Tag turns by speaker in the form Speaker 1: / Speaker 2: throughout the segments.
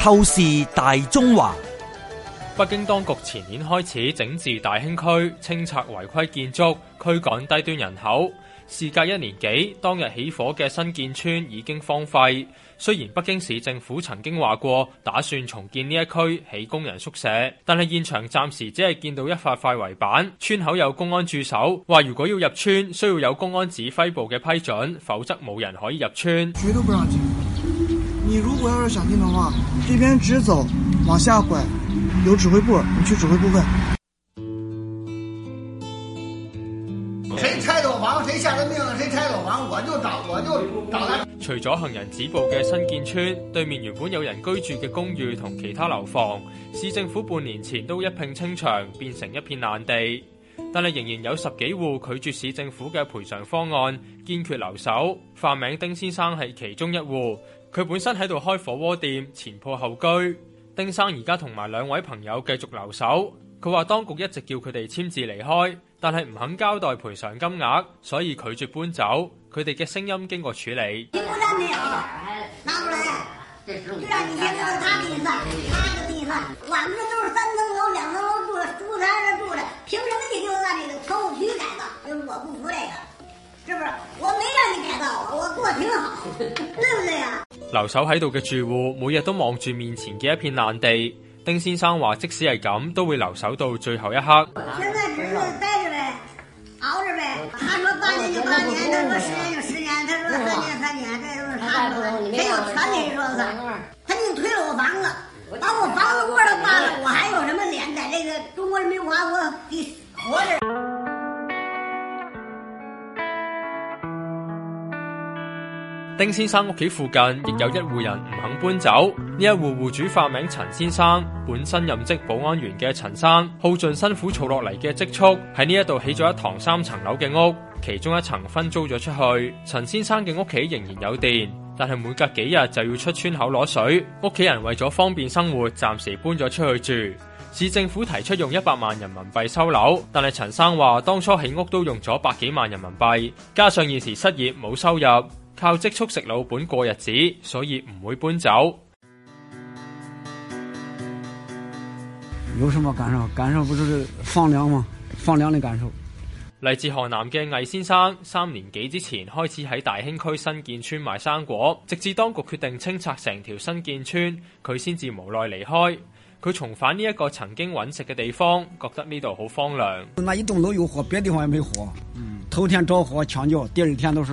Speaker 1: 透視大中華，北京當局前年開始整治大興區，清拆違規建築，驅趕低端人口。事隔一年幾，當日起火嘅新建村已經荒廢。雖然北京市政府曾經話過，打算重建呢一區，起工人宿舍，但係現場暫時只係見到一塊塊圍板，村口有公安駐守，話如果要入村，需要有公安指揮部嘅批准，否則冇人可以入村。你如果要是想聽的話，這邊直走，往下拐，有指揮部，你去指揮部問。誰拆走房，誰下的命令，誰拆走房，我就找，我就找他。除咗行人止步嘅新建村對面，原本有人居住嘅公寓同其他樓房，市政府半年前都一併清場，變成一片爛地。但係仍然有十幾戶拒絕市政府嘅賠償方案，堅決留守。化名丁先生係其中一戶。佢本身喺度開火鍋店前鋪後居，丁生而家同埋兩位朋友繼續留守。佢話當局一直叫佢哋簽字離開，但係唔肯交代賠償金額，所以拒絕搬走。佢哋嘅聲音經過處理。 留守喺度嘅住戶每日都望住面前嘅一片爛地。丁先生話：即使係咁，都會留守到最後一刻。丁先生屋企附近亦有一戶人唔肯搬走。呢一戶戶主化名陳先生，本身任職保安員嘅陳生耗盡辛苦儲落嚟嘅積蓄喺呢一度起咗一堂三層樓嘅屋，其中一層分租咗出去。陳先生嘅屋企仍然有電，但係每隔幾日就要出村口攞水。屋企人為咗方便生活，暫時搬咗出去住。市政府提出用一百萬人民幣收樓，但係陳生話當初起屋都用咗百幾萬人民幣，加上現時失業冇收入。靠積蓄食老本過日子，所以唔會搬走。有什麼感受？感受不就是放涼嘛？放涼的感受。嚟自河南嘅魏先生，三年幾之前開始喺大興區新建村賣生果，直至當局決定清拆成條新建村，佢先至無奈離開。佢重返呢一個曾經揾食嘅地方，覺得呢度好荒涼。那一棟樓有火，別的地方也沒火。嗯，頭天着火，搶救，第二天都是。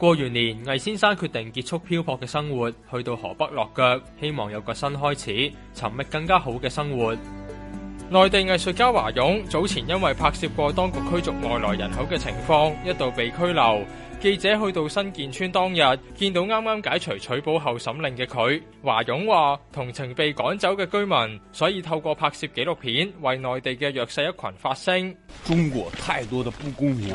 Speaker 1: 過完年，魏先生決定結束漂泊嘅生活，去到河北落腳，希望有個新開始，尋覓更加好嘅生活。內地藝術家華勇早前因為拍攝過當局驅逐外來人口嘅情況，一度被拘留。記者去到新建村當日，見到啱啱解除取保候審令嘅佢，華勇話同情被趕走嘅居民，所以透過拍攝紀錄片為內地嘅弱勢一群發聲。中國太多的不公平。